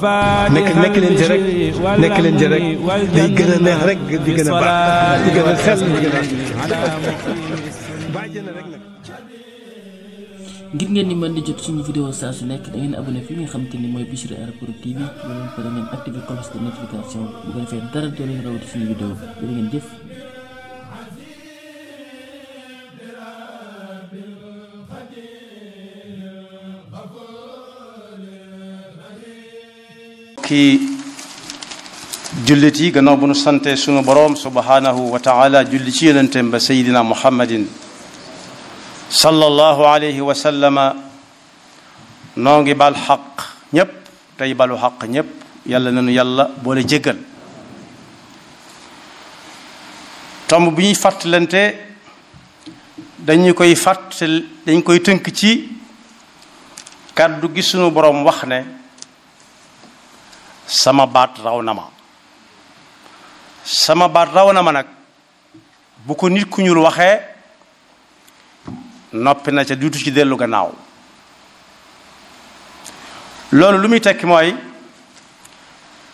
nekk nekk leen ci rek nekk leen ci rek day gën a neex rek di gën a baax di gën a xel di gën a ngir ngeen ni mën di jot suñu vidéo saa su nekk da ngeen abonné fi nga xam te ni mooy Bichri Art Prod TV ba leen pare ngeen activé cloche de notification bu ko defee dara doo leen rawati suñu vidéo jërë ngeen jëf mbokki jullit yi gannaaw bu nu sante sunu borom subhanahu wa taala julli ci ba sayidina muhammadin sallallahu alayhi wa sallama noo ngi bal xaq ñépp tey balu xaq ñépp yàlla nanu yàlla boole jéggal tomb bu ñuy fàttalante dañu koy fàttal dañ koy tënk ci kàddu gi sunu borom wax ne sama baat raw na ma sama baat raw na ma nag bu ko nit ku ñuul waxee noppi na ca duutu ci dellu gannaaw loolu lu muy tekki mooy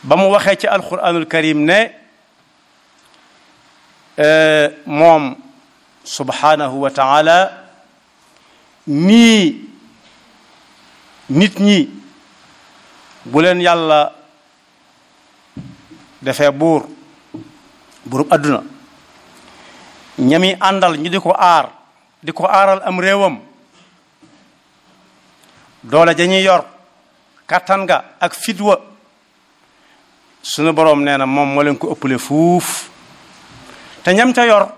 ba mu waxee ci alquranul karim ne eh, moom subhanahu wa taala nii nit ñi bu leen yàlla dafee buur buurub adduna ñami àndal ñu di ko aar di ko aaral am réewam doole dañuy yor kàttan ak fitwa sunu boroom nee na moom moo leen ko ëppale fuuf te ñam ca yor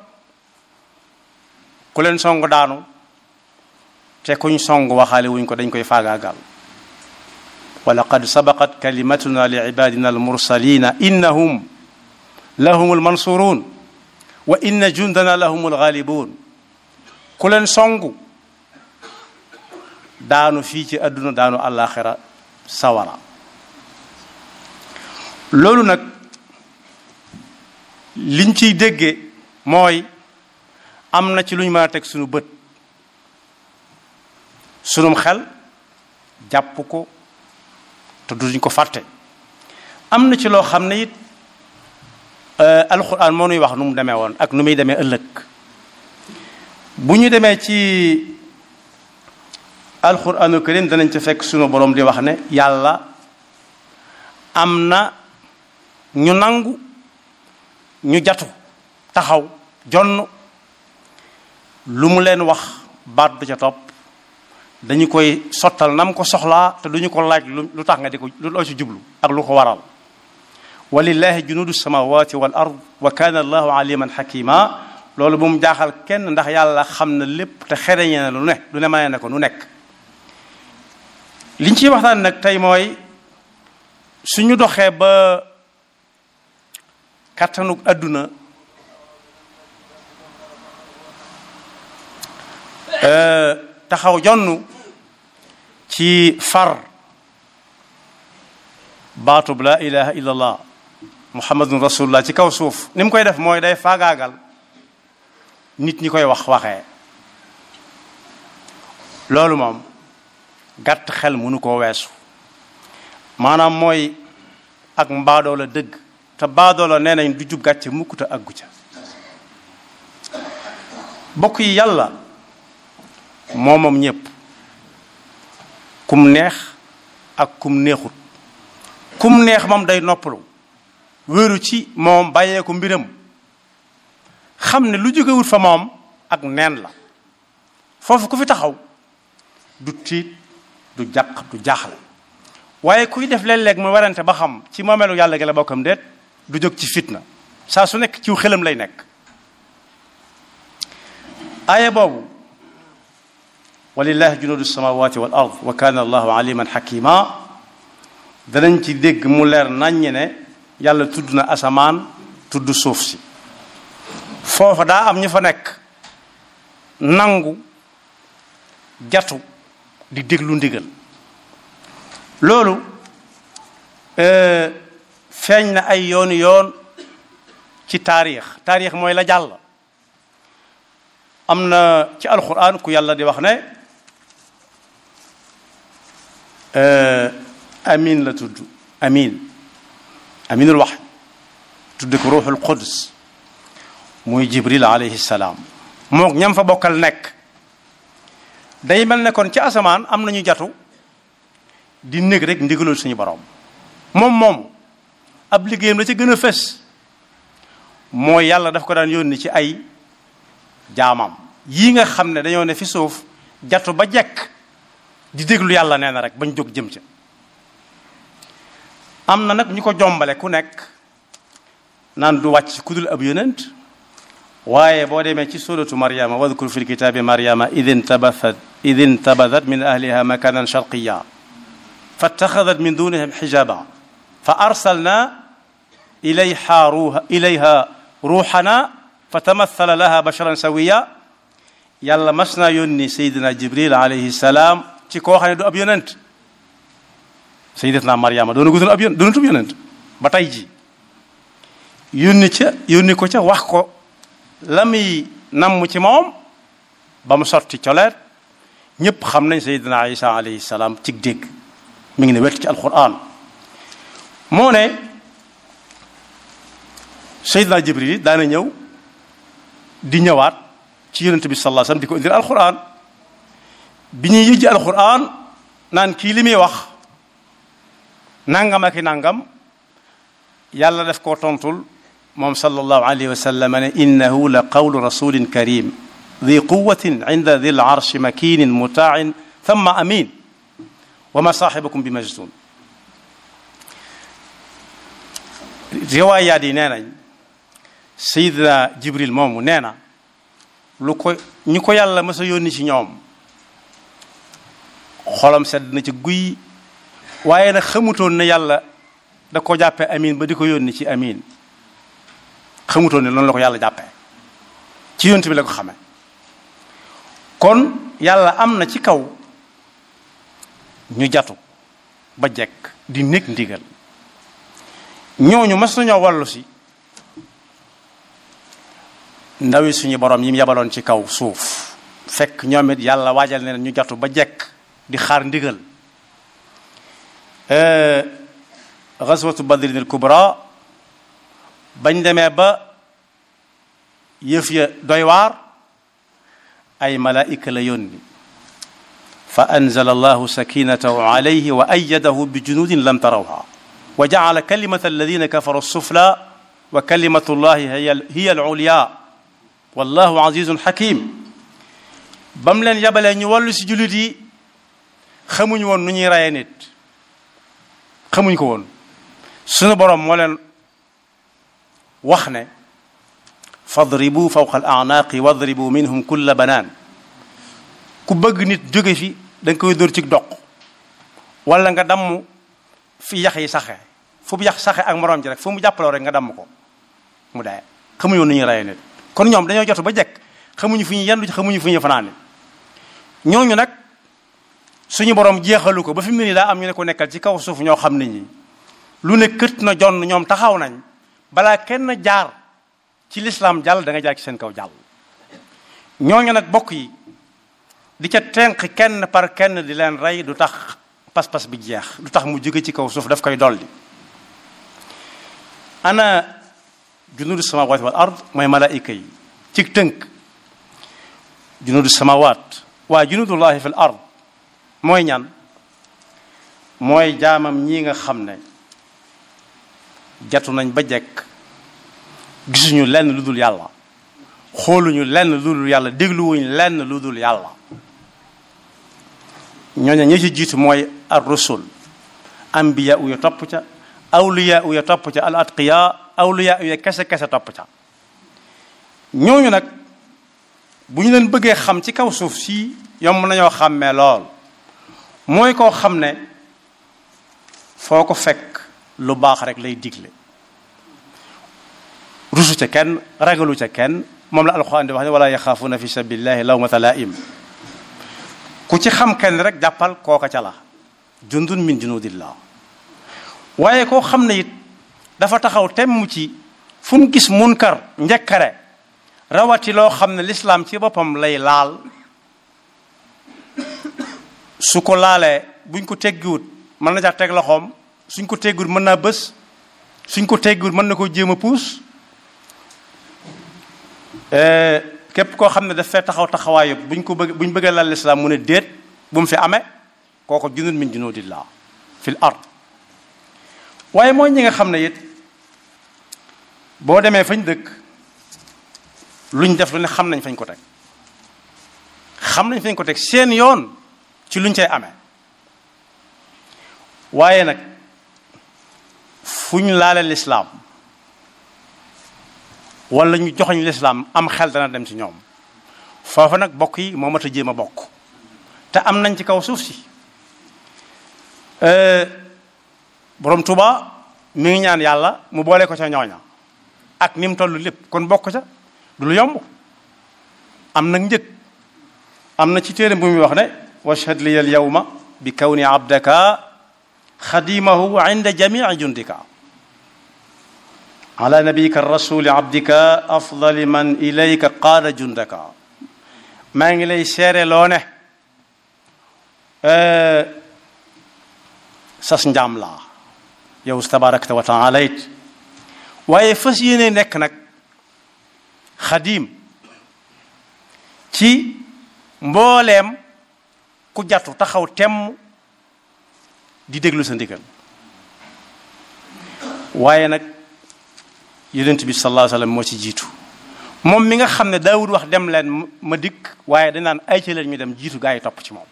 ku leen song daanu te kuñ songu waxaale wuñ ko dañ koy faagaagal wa laqad sabaqat kalimatuna li ibadina almursalina innahum lahum almansurun wa inna jundana lahum alghalibun ku leen songu daanu fii ci àdduna daanu àllaaxira sawara loolu nag liñ ciy dégge mooy am na ci lu ñu mën bët sunu bët xel jàpp ko te duñ ko fàtte am na ci loo xam ne it euh, alxuraan moo nuy wax nu mu demee woon ak nu muy demee ëllëg bu ñu demee ci alxuraanu karim danañ ca fekk sunu boroom di wax ne yàlla am na ñu nàngu ñu jatu taxaw jonn lu mu leen wax baat du ca topp dañu koy sottal nam ko soxlaa te duñu ko laaj lu tax nga di ko lu loo jublu ak lu ko waral wa lillahi junudu samawati wal ard wa kana allahu aliman xakima loolu bu mu jaaxal kenn ndax yàlla xam na lépp te xereñee na lu ne lu ne ko nu nekk liñ ciy waxtaan nag tey mooy suñu doxee ba kattanu adduna euh, taxaw jonn ci far baatub laa ilaha illa allah muhammadun rasulullah ci kaw suuf ni mu koy def mooy day faagaagal nit ñi koy wax waxe loolu moom gàtt xel mënu koo weesu maanaam mooy ak mbaadoola dëgg te baadoo la nee nañ du jub gàcce mukk te àggu ca bokk yi yàlla moomam ñépp kum neex ak kum neexut kum neex moom day noppalu wéeru ci moom bàyyeeku mbiram xam ne lu jógewut fa moom ak neen la foofu ku fi taxaw du tiit du jàq du jaaxal waaye kuy def léeg-léeg mu warante ba xam ci moomeelu yàlla gi la bokkam déet du jóg ci fitna saa su nekk ciw xelam lay nekk aaya boobu walillahi junudu samawati wal ard wa kana allahu aliman xakima danañ ci dégg mu leer nañ ñi ne yàlla tudd na asamaan tudd suuf si foofa daa am ñu fa nekk nangu jatu di déglu ndigal loolu euh, feeñ na ay yoon yoon ci taarix taarix mooy la jàll am na ci alquran ku yàlla di wax ne Euh, amin la tudd amin aminul wax tudd ko ruuxul qudus muy jibril alayhi salaam mook ñam fa bokkal nekk day mel nekkoon ci asamaan am nañu jatu di nekk rek ndigalul suñu boroom moom moom ab liggéeyam la ci gën a fës mooy yàlla daf ko daan yónni ci ay jaamam yi nga xam ne dañoo ne fi suuf jatu ba jekk di déglu yàlla nee na rek bañ jóg jëm ca am na nag ñu ko jombale ku nekk naan du wàcc ku dul ab yonent waaye boo demee ci suratu maryama wadkur fi lkitaabi maryama id intabathat id intabadat min ahliha makanan sharqiya fattaxadat min dunihim xijaba fa arsalna ilayha ruha ilayha ruuxana fa tamathala laha basharan sawiya yàlla mas naa yónni sayidina jibril alayhi salaam ci koo xam ne du ab yonent suñu def naa Mariama doona gudoon ab yon doonatub yonent ba tey ji yónni ca yónni ko ca wax ko la muy namm ci moom ba mu sotti coleet ñëpp xam nañ sayyidina Isa alayhi salaam ci dégg mu ngi ne wett ci alquran moo ne sayyidina Jibril daana ñëw di ñëwaat ci yonent bi sallallahu alayhi di ko indil alquran bi ñuy yëjji alxuraan naan kii li muy wax nangam ak i nangam yàlla def ko tontul moom sallallahu alayhi wa sallam ne innahu la qawlu rasulin karim di quwatin inda di l arshi makinin mutaain thumma amin wa ma saaxibakum bi majnun riwaayaat yi nee nañ sayidna jibril moomu nee na lu ko ñu ko yàlla mës a yónni ci ñoom xolam sedd na ci guy waaye nag xamutoon na yàlla da ko jàppe amin ba di ko yónni ci amin xamutoon ne noonu la ko yàlla jàppe ci yónt bi la ko xame kon yàlla am na ci kaw ñu jatu ba jekk di nekk ndigal ñooñu mas nañoo wallu si ndawi suñu borom yi yabaloon ci kaw suuf fekk ñoom yàlla waajal ne ñu jatu ba jekk di xaar ndigal xaswatu euh, badrin al kubra bañ demee ba yëf ya doy waar ay malaayika la yónni fa anzala allahu sakinatahu alayhi wa ayadahu bi junudin lam tarawha wa jaala kalimata alladina kafaru sufla wa kalimatu llahi hiya al ulya wallahu azizun hakim bam leen yabalee ñu wàllu si jullit yi xamuñ woon nu ñuy rayee nit xamuñ ko woon sunu boroom moo leen wax ne fadribu fawqa al a'naaqi wadribu minhum kulla banaan ku bëgg nit jóge fi da koy dóor ci doq walla nga damm fi yax yi saxe fu bu yax saxe ak moroom ji rek fu mu jàppaloo rek nga damm ko mu dee xamuñu woon nu ñuy rayee nit kon ñoom dañoo jot ba jekk xamuñu fu ñuy yendu xamuñu fu ñuy fanaane ñooñu nag suñu borom jeexalu ko ba fi mu ne daa am ñu ne ko nekkal ci kaw suuf ñoo xam ne ñi lu ne kët na jonn ñoom taxaw nañ balaa kenn jaar ci lislaam jàll da nga jaar ci seen kaw jàll ñooñu nag bokk yi di ca tenq kenn par kenn di leen rey du tax pas-pas bi jeex du tax mu jóge ci kaw suuf daf koy dolli ana junudu samawat wal ard mooy malaayika yi ci tënk junudu samawat waa junudullahi fil ard mooy ñan mooy jaamam ñii nga xam ne jatu nañ ba jekk gisuñu lenn lu dul yàlla xooluñu lenn lu dul yàlla dégluwuñ lenn lu dul yàlla ñooñu ñi ci jiitu mooy ar rusul ambiya u topp ca awliya u ya topp ca al atqiya awliya u ya kese kese topp ca ñooñu nag bu ñu leen bëggee xam ci kaw suuf si yomb nañoo xàmmee lool mooy koo xam ne foo ko fekk lu baax rek lay digle rusu ca kenn ragalu ca kenn moom la alxuraan di wax ne wala yaxaafuuna fi sabilillahi ku ci xam kenn rek jàppal kooka ca la jundun min junudillah waaye koo xam ne it dafa taxaw mu ci fum gis munkar njekkare rawati loo xam ne lislaam ci boppam lay laal su ko laalee buñ ko teggiwut mën na caa teg loxoom suñ ko teggiwut mën naa bës suñ ko teggiwut mën na koo jéem a puus eh, képp koo xam ne daf fee taxaw taxawaay yëpp buñ ko bëgg buñ bëggee laal lislaam mu ne déet bu mu fi amee kooku junut di junudillah fil ard waaye mooy ñi nga xam ne yit boo demee fañ dëkk luñ def lu ne xam nañ fañ ko teg xam nañ fañ ko teg seen yoon ci luñ cay ame waaye nag fu ñu laale lislaam wala ñu joxoñ lislaam am xel dana dem ci ñoom foofa nag bokk yi moo mat a jéem a bokk te am nañ ci kaw suuf si euh, boroom Tuuba mi ngi ñaan yàlla mu boole ko ca ñooña ak ni mu toll lépp kon bokk ca du lu yomb am nag njëg am na ci téere bu wax ne washhad li al yawma bi kawni abdaka xadimahu inda jamici jundika ala nabiyika rasuli abdika afdali man ilayka qaada jundaka maa ngi lay seere loo ne eh, sas njaam laa yow tabarakta wa taala it waaye fas yéene nekk nag xadim ci mbooleem ku jattu taxaw temm déglu sa ndigal waaye nag yonent bi sallallahu alayhi moo ci jiitu moom mi nga xam ne daawud wax dem leen ma dikk waaye danaan ay ci leen dem jiitu yi topp ci moom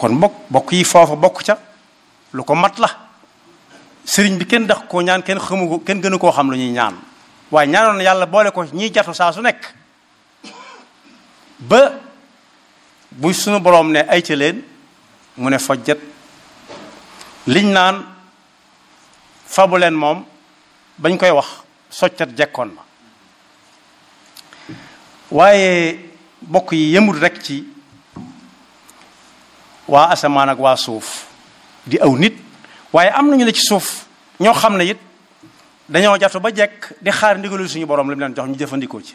kon bokk bokk yi foofa bokk ca lu ko mat la sëriñ bi kenn dax koo ñaan kenn xamu ko kenn gënu koo xam lu ñuy ñaan waaye ñaanoon yàlla boole ko ñiy jatu saa su nekk ba bu suñu boroom ne ay ca mu ne fojjet liñ naan fabu leen moom bañ koy wax soccet jekkoon ma waaye bokk yi yëmbut rekk ci waa asamaan ak waa suuf di aw nit waaye am nañu ne ci suuf ñoo xam ne it dañoo jatu ba jekk di xaar ndigalul suñu borom li mu leen jox ñu jëfandikoo ci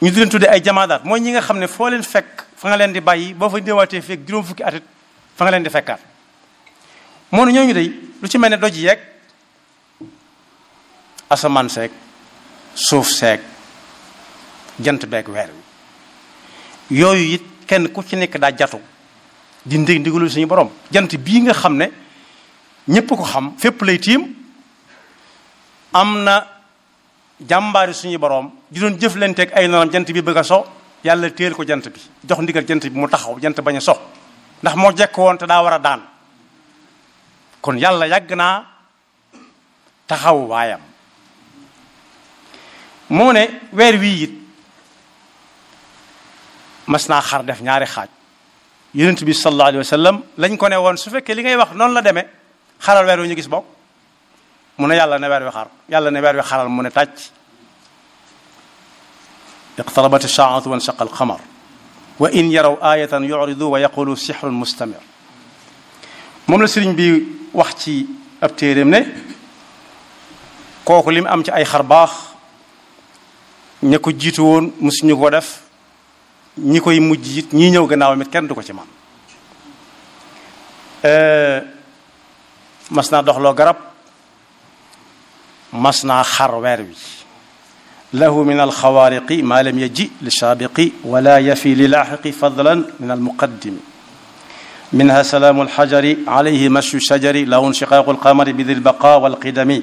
ñu di leen tuddee ay jamaadaat mooy ñi nga xam ne foo leen fekk fa nga leen di bàyyi boo fa déwaatee feeg juróom fukki atit fa leen di fekkaat moo ne ñooñu day lu ci mel ne doj yeeg asamaan seeg suuf seek jant beeg weer yooyu it kenn ku ci nekk daa jatu di ndég ndigalu suñu borom jant bii nga xam ne ñépp ko xam fépp lay tiim am na jàmbaari suñu borom di doon jëflanteeg ay nanam jant bi bëgg a so yàlla téel ko jant bi jox ndigal jant bi mu taxaw jant bañ a sox ndax moo jekk woon te daa war a daan kon yàlla yàgg naa taxaw waayam moo ne weer wii it mas naa xar def ñaari xaaj yonent bi sallallahu alayhi wa sallam lañ ko ne woon su fekkee li ngay wax noonu la demee xaral weer wi ñu gis bokk mu ne yàlla na weer wi xar yàlla na weer wi xaral mu ne tàcc iqtarabat asaatu wa nsaqa alqamar wa in yaraw aayatan yuridu wa yaqulu sixrun mustamir moom la sëriñ bi wax ci ab téeréem ne kooku li am ci ay xar baax ña ko jiitu woon mosuñu ko def ñi koy mujj it ñii ñëw gannaaw mit kenn du ko ci man euh, mas naa doxloo garab mas naa xar weer lahu min alxawaariqi maa lam yaji li saabiqi wala yafi li laaxiqi fadlan min almuqaddimi minha salaamu alxajari alayhi mashu shajari lahu inchiqaaqu alqamari bi dil baqa walqidami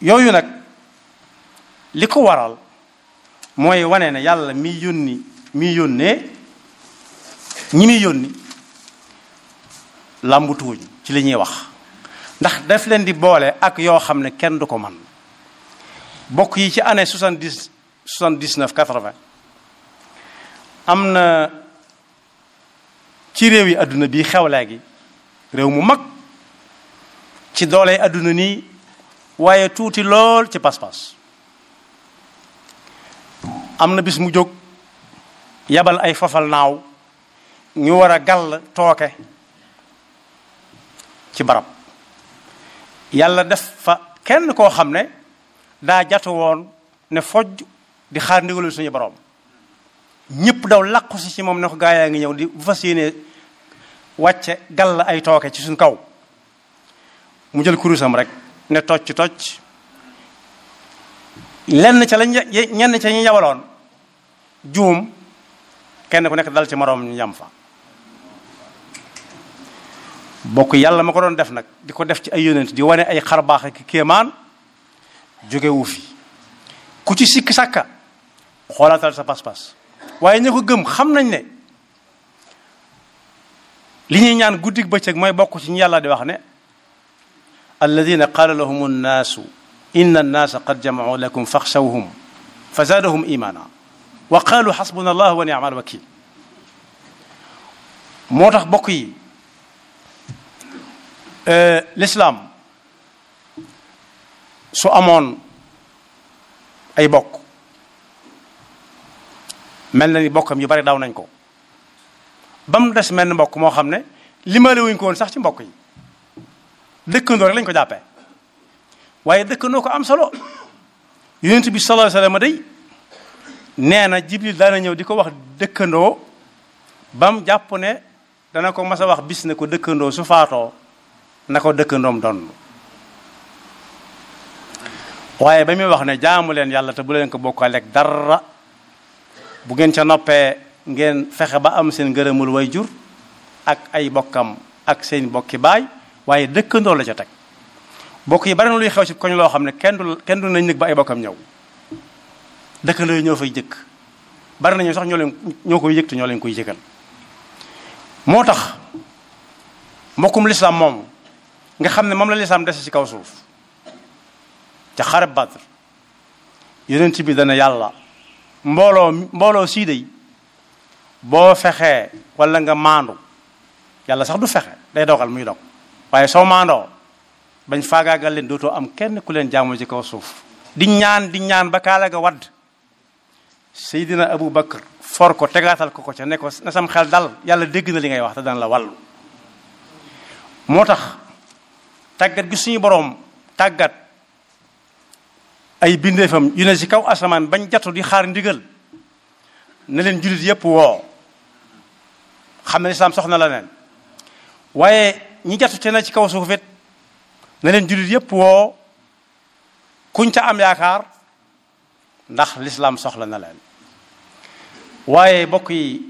yooyu nag li ko waral mooy wane ne yàlla mi yónni mi yónnee ñi mi yónni làmbutuwuñ ci li ñuy wax ndax daf leen di boole ak yoo xam ne kenn du ko man bokk yi ci année soixante-dix soixante-dix-neuf quatre-vingt am na ci réew yi àdduna bi xew léegi réew mu mag ci doole àdduna nii waaye tuuti lool ci pas-pas am na bis mu jóg yabal ay fafal naaw ñu war a gàll tooke ci barab yàlla def fa kenn koo xam ne daa jatu woon ne fojj di xaar ndigalu suñu borom ñëpp daw làqu si ci moom ne ko gaa yaa ngi ñëw di bu fas yéenee wàcce gàll ay tooke ci suñ kaw mu jël kurusam rek ne tocc tocc lenn ca lañ ñenn ca ñu yabaloon juum kenn ku nekk dal ci moroom ñu yam fa bokk yàlla ma ko doon def nag di ko def ci ay yonent di wane ay xarbaax ak kéemaan jóge wu fi ku ci sikk sàkka xoolaatal sa pas-pas waaye ña ko gëm xam nañ ne li ñuy ñaan guddig bëccëg mooy bokk ci ñu yàlla di wax ne alladina qaala lahum nnaasu inna annaasa qad jamacu lakum faxshawhum fa zaadahum imaana wa qaalu xasbuna allah wa ni'mal wakil moo tax bokk yi Euh, lislaam su amoon ay bokk mel na ni bokkam yu bari daaw nañ ko ba mu des mel ni mbokk moo xam ne limaale wuñ ko sax ci mbokk yi dëkkandoo rek lañ ko jàppe waaye dëkkandoo ko am solo yonent bi sallallahu alayhi wasallam day nee na jibril daana ñëw di ko wax dëkkandoo ba mu jàpp ne dana ko mas a wax bis na ko dëkkandoo su faatoo na ko dëkkandoom donn waaye ba muy wax ne jaamu leen yàlla te bu leen ko bokkaale ak dara bu ngeen ca noppee ngeen fexe ba am seen ngërëmul way jur ak ay bokkam ak seen bokki baay waaye dëkkandoo la ca teg bokk yi bari na luy xew ci koñ loo xam ne kenn du kenn nañ nag ba ay bokkam ñëw dëkkandoo yi ñëw fa jëkk bari nañu sax ñoo leen ñoo koy yëg te ñoo leen koy jëkkal moo tax mbokkum lislaam moom nga xam ne moom la lislaam des ci kaw suuf ca xare Badr yonent bi dana yàlla mbooloo mbooloo sii day boo fexee walla nga maandu yàlla sax du fexe day dogal muy dog waaye soo maandoo bañ faagaagal leen dootoo am kenn ku leen jaamu ci kaw suuf di ñaan di ñaan ba kaala ga wadd Seydina Abu Bakar foor ko tegaatal ko ko ca ne ko na sam xel dal yàlla dégg na li ngay wax te daan la wàllu moo tax tàggat gi suñu boroom tàggat ay bindeefam yu ne ci kaw asamaan bañ jatu di xaar ndigal na leen jullit yépp woo xam ne lislaam soxna la leen waaye ñi jatu te na ci kaw suuf it na leen jullit yépp woo kuñ ca am yaakaar ndax lislaam soxla na leen waaye bokk yi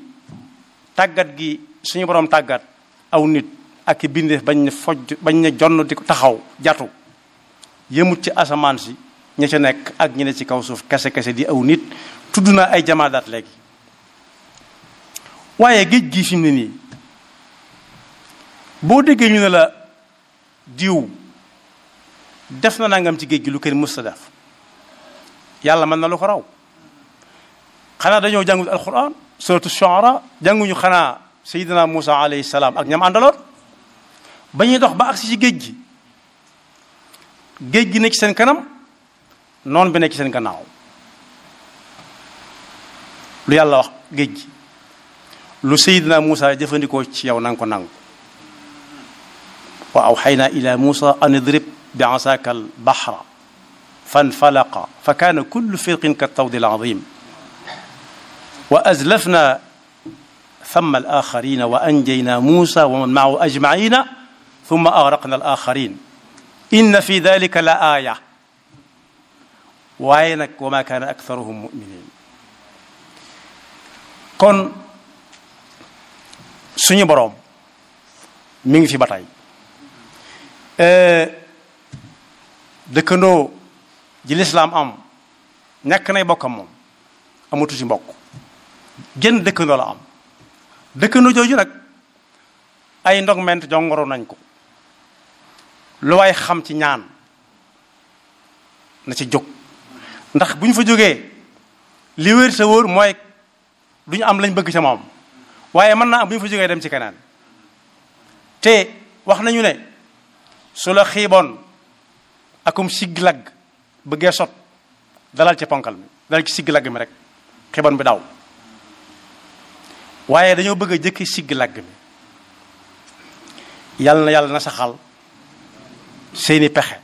tàggat gi suñu boroom tàggat aw nit ak i bindeef bañ ne fojj bañ na jonn di ko taxaw jatu yëmut ci asamaan si ña ca nekk ak ñi ne ci kaw suuf kese kese di aw nit tudd na ay jamaadaat léegi waaye géej gi fi mu ne nii boo déggee ñu ne la diw def na nangam ci géej gi lu kenn mësta def yàlla mën na lu ko raw xanaa dañoo jàngut alquran suratu shuara jànguñu xanaa sayidina Musa alayhi salaam ak ñam àndaloon ba ñuy dox ba agsi ci géej gi géej gi nekk ci seen kanam noon bi nekk ci seen gannaaw lu yàlla wax géej gi lu Seydina Muusa jëfandikoo ci yow nanga ko nangu wa awxaynaa ila Muusa an idrib bi asaaka al baxra fanfalaqa fa kaana kullu firqin ka tawdi al azim wa azlafna thamma al axarina wa anjaynaa Muusa wa man maahu ajmaina thumma agraqna na axarin inna fi dalika la aaya waaye nag wa ma kaana aktharuhum muminin kon suñu boroom mi ngi fi ba tey dëkkandoo ji lislaam am ñàkk nay bokkam moom amatu ci mbokk genn dëkkandoo la am dëkkandoo jooju nag ay ndog ment jongoro nañ ko lu xam ci ñaan na ci jóg ndax bu ñu fa jógee li wér sa wóor mooy du ñu am lañ bëgg ca moom waaye mën naa am bu ñu fa jógee dem ci keneen te wax nañu ne su la xiiboon akum lag bëggee sot dalal ci ponkal mi dalal ci siglag mi rek xiiboon bi daw waaye dañoo bëgg a jëkki siglag mi yàlla na yàlla na saxal seeni pexe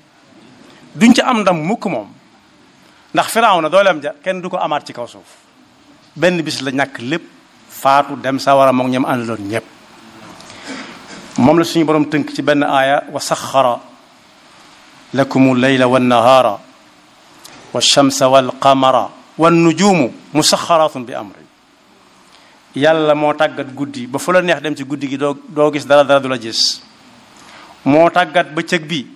duñ ca am ndam mukk moom ndax firaaw na dooleem ja kenn du ko amaat ci kaw suuf benn bis la ñàkk lépp faatu dem sawara moom ñam àndaloon ñëpp moom la suñu borom tënk ci benn aaya wa saxara lakumu leyla wannahaara walchamsa walqamara wannujuumu musaxaraatun bi amri yàlla moo tàggat guddi ba fu neex dem ci guddi gi doo gis dara dara du la gis moo tàggat bëccëg bi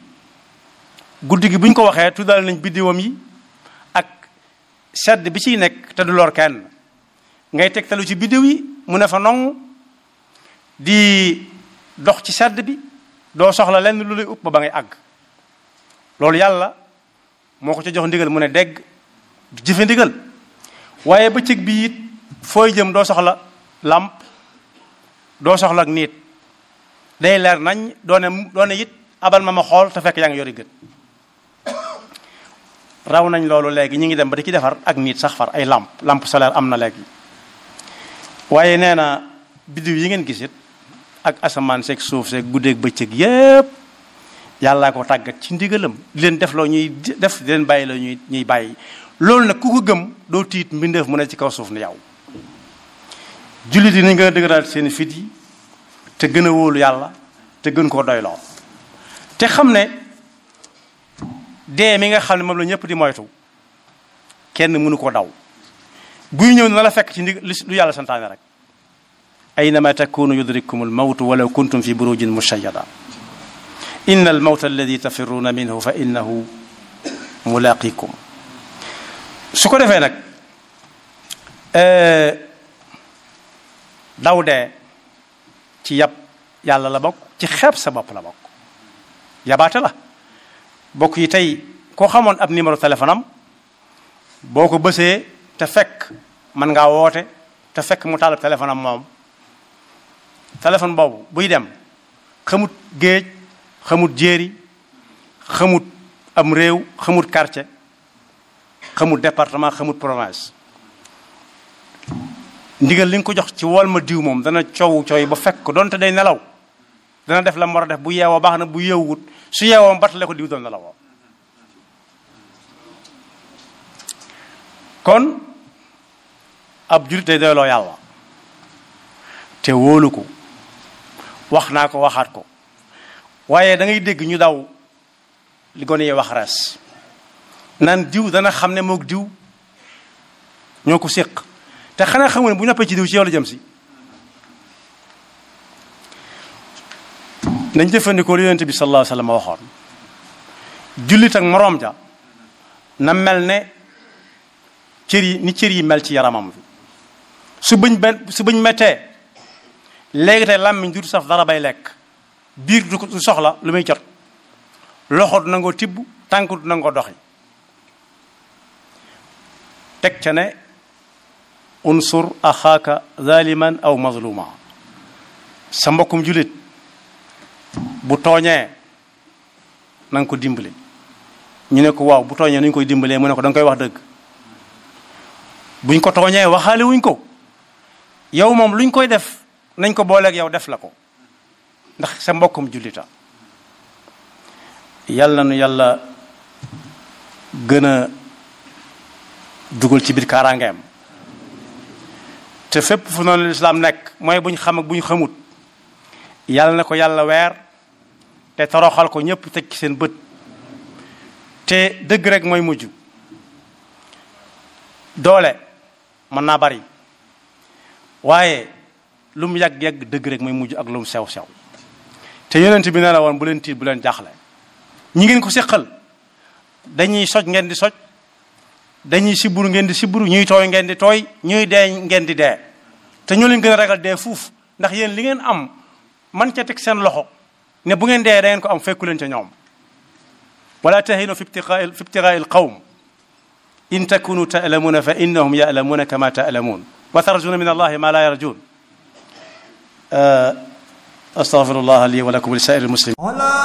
guddi gi bu ñu ko waxee tu tuddaal nañ biddiwam yi ak sedd bi ciy nekk te du lor kenn ngay tegtalu ci biddiw yi mu ne fa nongu di dox ci sedd bi doo soxla lenn lu lay upp ba ba ngay àgg loolu yàlla moo ko ca jox ndigal mu ne dégg jëfe ndigal waaye bëccëg bi it fooy jëm doo soxla làmp doo soxla ak niit day leer nañ doone doone it abal ma ma xool te fekk yaa ngi yori gët raw nañ loolu léegi ñu ngi dem ba di ci defar ak nit sax far ay lamp lampe solaire am na léegi waaye nee na biddiw yi ngeen gisit ak asamaan seek suuf seeg guddeeg bëccëg yépp yàllaa ko tàggat ci ndigalam di leen def loo ñuy def di leen bàyyi loo ñuy ñuy bàyyi loolu nag ku ko gëm doo tiit mbindeef mu ne ci kaw suuf ni yow jullit yi nañ gën a dëgëral seen fit yi te gën a wóolu yàlla te gën koo doyloo te xam ne dee mi nga xam ne ma la ñëpp di moytu kenn mënu ko daw buy ñëw na la fekk ci ndig lu yàlla santaane rek aynama takunu yudrikumul mawtu walaw kuntum fi burujin mushayyada inna al mawta alladi tafirruuna minhu fa innahu mulaqikum su ko defee nag eh, daw dee ci yàpp yàlla la bokk ci xeeb sa bopp la bokk yabaate la bokk yi tey koo xamoon ab numéro téléphone boo ko bësee te fekk mën ngaa woote te fekk mu taalab téléphone moom téléphone boobu buy dem xamut géej xamut jéeri xamut am réew xamut quartier xamut département xamut province ndigal li nga ko jox ci wol ma diw moom dana coow cooy ba fekk ko donte day nelaw dana def la mu a def bu yeewoo baax na bu yeewut su yeewoo battale ko diw doon na la woo kon ab jurit day loo yàlla te wóolu ko wax naa ko waxaat ko waaye da ngay dégg ñu daw li gone yi wax res naan diw dana xam ne moog diw ñoo ku séq te xanaa xamu ne bu ñu ci diw ci yow la jëm si nañ jëfandikoo li yonent bi sallallahu alayhi wa sallam waxoon jullit ak moroom ja na mel ne cër yi ni cër yi mel ci yaramam bi su bëñ mettee léegi tey làmmiñ du saf dara bay lekk biir du soxla lu muy jot loxo du nangoo tibb tànk du nangoo doxi teg ca ne unsur axaaka zaliman aw mazluma sa mbokkum jullit bu tooñee na ko dimbali ñu ne ko waaw bu tooñee nu koy dimbalee mu ne ko da koy wax dëgg buñ ko tooñee waxaalewuñ ko yow moom luñ koy def nañ ko booleek yow def la ko ndax sa mbokkum jullita yàlla nu yàlla gën a dugal ci biir kaaraangeem te fépp fu noonu lislaam nekk mooy buñ xam buñ xamut yàlla na ko yàlla weer te toroxal ko ñépp teg ci seen bët te dëgg rek mooy mujj doole mën naa bari waaye lu mu yàgg-yàgg dëgg rek mooy mujj ak lu sew-sew te yonent bi ne la woon bu leen tiit bu leen jaaxle ñi ngeen ko séqal dañuy soj ngeen di soj dañuy siburu ngeen di sibbur ñuy tooy ngeen di tooy ñuy dee ngeen di dee te ñoo leen gën a ragal dee fuuf ndax yéen li ngeen am man ca teg seen loxo ne bu ngeen dee da ngeen ko am fekku leen ca ñoom wala tahinu fi ibtiqaai fi ibtiqaai alqawm in takunu ta'lamuna fa innahum ya'lamuna kama ta'lamun wa tarjuna min allahi ma la yarjun uh, astaghfirullah li wa lakum wa li sa'iri almuslimin